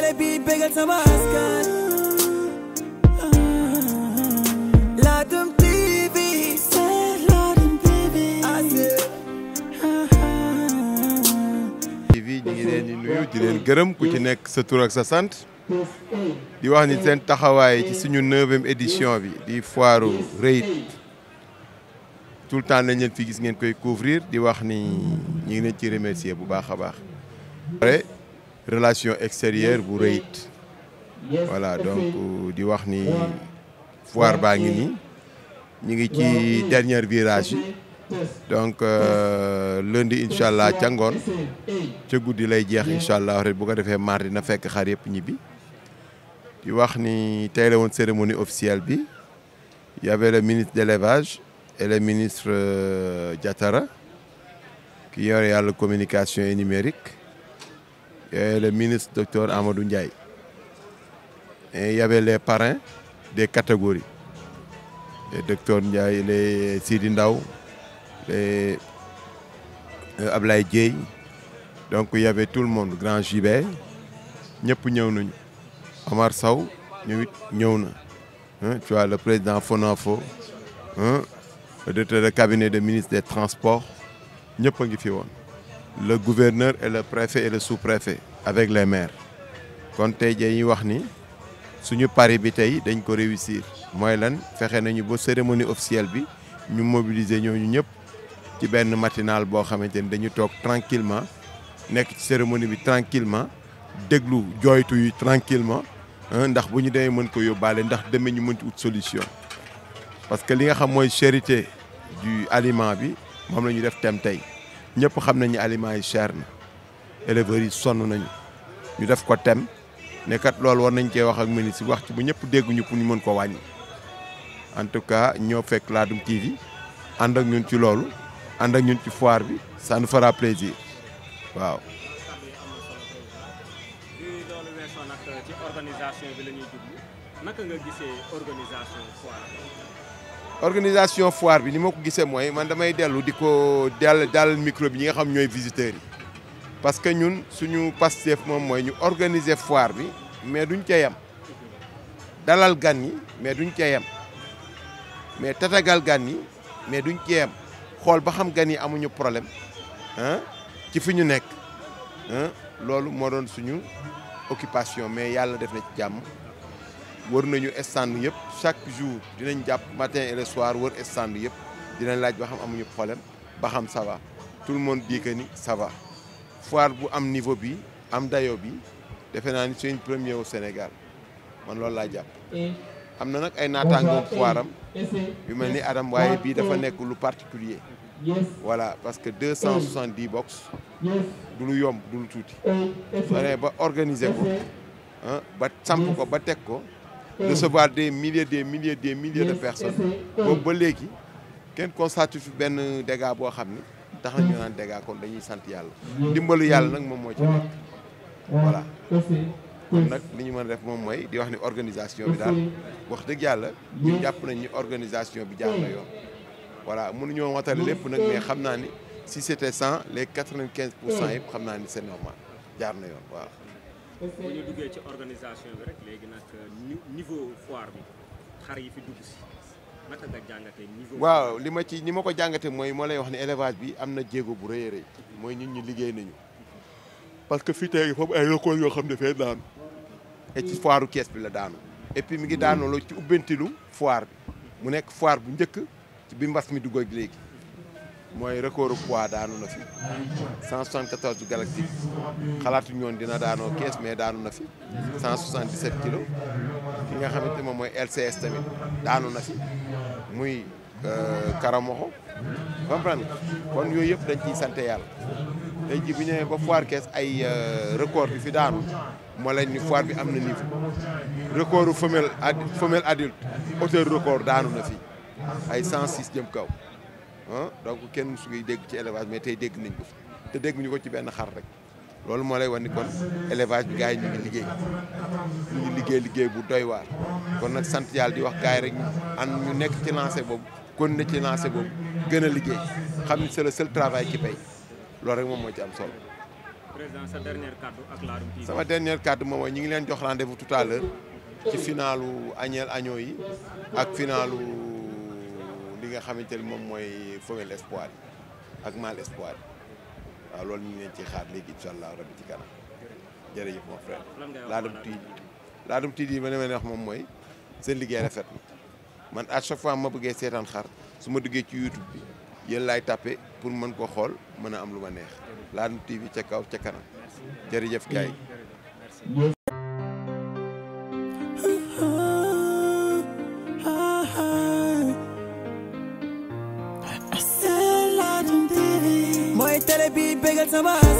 télé bi bégal ngi leen di nuyu di leen gërëm ku ci nekk sa tur ak sa sant di wax ni seen taxawaay ci suñu neuvième édition bi di foiru Reit tout le temps lañ leen fi gis ngeen koy couvrir di wax ni ñu ngi leen ci remercier bu baax a baax relation extérieure bu rëy it voilà donc euh, di wax ni foire baa ngi nii ñu ngi ci dernier virage yi donc euh, lundi incha allah ca ngoon ca guddi lay jeex incha allah bu ko defee mar na fekk xar yëpp ñibbi di wax ni tey la woon cérémonie officielle bi y avait ministre de l'élevage ministre euh, Diatara qui yore yàlla communication et numérique le ministre docteur Amadou Ndiaye. Et il y avait les parrains des catégories. Les docteurs Ndiaye, les Sidi Ndao, les euh, Ablaye Dieye. Donc il y avait tout le monde, Grand Gibert, ñëpp ñëw nañu. Omar Sow ñëw it ñëw na. Tu vois le président Fonafo, le directeur de cabinet de ministre des transport ñëpp a ngi fi woon. le gouverneur et le préfet et le sous avec les maire kon tey jii ñu wax ni suñu paris bi tey dañ ko réussir mooy lan fexe nañu ba cérémonie officielle bi ñu mobiliser ñooñu ñëpp ci benn matinal boo xamante ni dañu toog tranquillement nekk ci cérémonie bi tranquillement déglu jooytu yi tranquillement ndax bu ñu demee mën ko yóbbaale ndax demee ñu mën ci ut solution parce que li nga xam mooy charité du aliment bi moom la ñu def thème tey ñépp xam nañ ne aliments yi cher na éleveurs yi sonn nañu ñu def ko tem ne loolu war nañ cee wax ak ministre wax ci bu ñëpp dégguñu pour ñu mën ko wàññi en tout cas ñoo fekk laa Ladoum TV ànd ak ñun ci loolu ànd ak ñun ci foire bi ça nous fera plaisir waaw. organisation foire bi ni ma ko gisee mooy man damay dellu di ko dell dal micro bi ñi nga xam ñooy visiteurs yi parce que ñun suñu Pastef moom mooy ñu organiser foire bi mais duñ ca yem dalal gan yi mais duñ ca yem mais tatagal gan mais duñ ca yem xool ba xam gan yi amuñu problème ah ci fi ñu nekk loolu moo doon suñu occupation mais yàlla def na ci jàmm wër nañu stand yëpp chaque jour dinañ jàpp matin et le soir wër stand yëpp dinañ laaj ba xam amuñu problème ba xam ça va tout le monde dit ni ça va bu am niveau bi am dayo bi defe naa ni suñ premier au Sénégal man loolu laa jàpp. am na nag ay naataangoom foiram yu mel ni Adam waaye bii dafa nekk lu particulier voilà parce que deux cent soixante-dix box du lu yomb du lu tuuti. soo ba organiser ko ah, ba samp ko ba teg ko. recevoir des milliers des milliers des milliers de personnes boobu ba léegi kenn constaté fi benn dégât boo xam ni tax na ñu naan dégât kon dañuy sant yàlla dimbalu yàlla nag moom moo ci nekk voilà kon nag li ñu mën a def moom mooy di wax ni organisation bi daal wax dëgg yàlla ñu jàpp nañ ni organisation bi jaar na yoon voilà mënuñoo watale lépp nag mais xam naa ni si c'était cent les quatre-vingt-quinze pour cent yëpp xam naa ni c'est normal jaar na yoon waaw bu ñu ci organisation bi léegi nag euh, niveau foire bi yi fi dugg si li ma ci ni ma ko jàngatee mooy moo lay wax ne élevage bi am na jéego bu rëy rëy mooy nit ñi liggéey nañu parce que fii tey foofu ay record yoo xam ne fee daanu et ci foiru Kees bi la daanu et puis mi ngi daanoo la ci ubbentilu foire bi mu nekk foire bu njëkk ci bi mbas mi dugg ak léegi. mooy record poids daanu na fi 174 galactique xalaatu ñoon dina daanoo kees mais daanu na fi 177 kilos ki nga xamante moom mooy LCS tamit daanu na fi muy euh, karamoxo comprendre kon yooyu yëpp dañ ciy sant yàlla tey ji bu ñëwee ba foire kees ay euh, record bi fi daanu moo leen ni foire bi am na niveau recordu femelle femelle adulte auteur record daanu na fi ay 106 jëm kaw Ah, donc kenn su ngay dégg ci élevage mais tey dégg nañ ko te dégg ñu ko ci benn xar rek loolu moo lay wan ni kon élevage bi ñu ngi liggéey ñu ngi liggéey liggéey bu doy waar kon nag sant yàlla di wax gars rek an ñu nekk ci lancé boobu kon na ci lancé boobu gën a liggéey xam ni c'est le seul travail qui loolu rek moom moo ci am solo. président sa dernière kàddu ak Ladoum sama dernière kàddu moom mooy ñu ngi leen jox rendez-vous tout à l'heure ci finalu agnel agneau yi ak finalu. li nga xamante ni moom mooy femelle espoir yi ak mâle espoir yi waaw loolu ñu ngi leen ci xaar léegi incha allah rabi ci kanam jërëjëf mon frère. laadum tiit laadum tiit yi ma leen wax moom mooy seen liggéey rafet na man à chaque fois ma bëggee seetaan xar su ma duggee ci YouTube bi yéen laay tàppe pour mën ko xool mën a am lu ma neex laadum tiit bi ca kaw ca kanam jërëjëf gaay sama